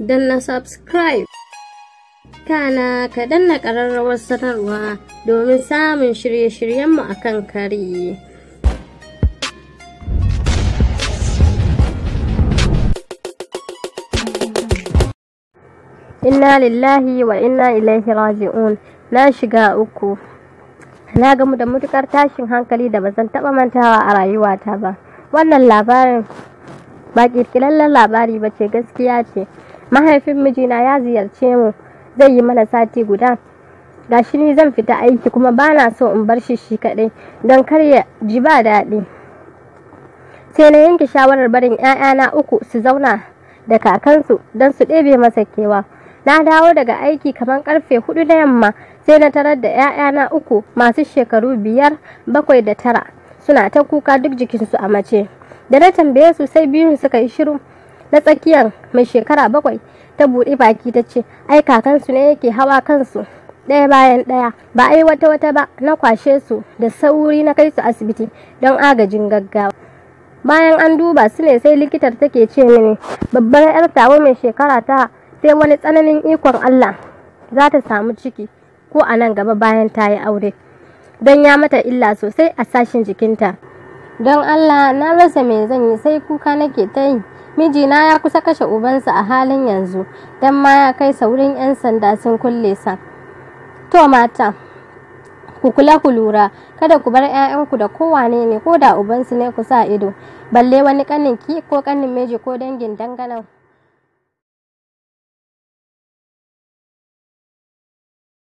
danna subscribe kana ka danna ƙararrawar sanarwa domin samun shirye-shiryenmu a kan kare inna lillahi wa inna ilaihi raji'un na shiga uku na gamu da matukar tashin hankali da ba zan taɓa mantawa a rayuwata ba wannan labarin ba ƙirƙirallen labari ba ce gaskiya ce mahaifin mijina ya ziyarce mu zai yi mana sati guda gashi ni zan fita aiki kuma ba na so in bar shi shi kaɗai don kar ya ji ba daɗi sai na yanke shawarar barin 'ya'yana uku su zauna da kakansu don su ɗebe masa kewa na dawo daga aiki kamar karfe hudu na yamma sai na tarar da 'ya'yana uku masu shekaru biyar bakwai da tara suna ta kuka duk jikinsu a mace da na tambaye su sai biyun suka yi shiru na tsakiyar mai shekara bakwai ta buɗe baki ta ce ai kakansu ne yake hawa kansu ɗaya bayan ɗaya ba ai wata wata ba na kwashe su da sauri na kai su asibiti don agajin gaggawa bayan an duba su ne sai likitar take ce mini babbar yar tawo mai shekara ta sai wani tsananin ikon Allah za ta samu ciki ko a nan gaba bayan ta yi aure don ya mata illa sosai a sashin jikinta don Allah na rasa mai zan yi sai kuka nake ta yi mijina ya kusa kashe ubansa a halin yanzu don ma ya kai saurin 'yan sanda sun kulle sa to mata ku kula ku lura kada ku bar 'ya'yanku da kowane ne ko da ubansu ne ku sa ido balle wani kanin ki ko kanin meji ko dangin danganan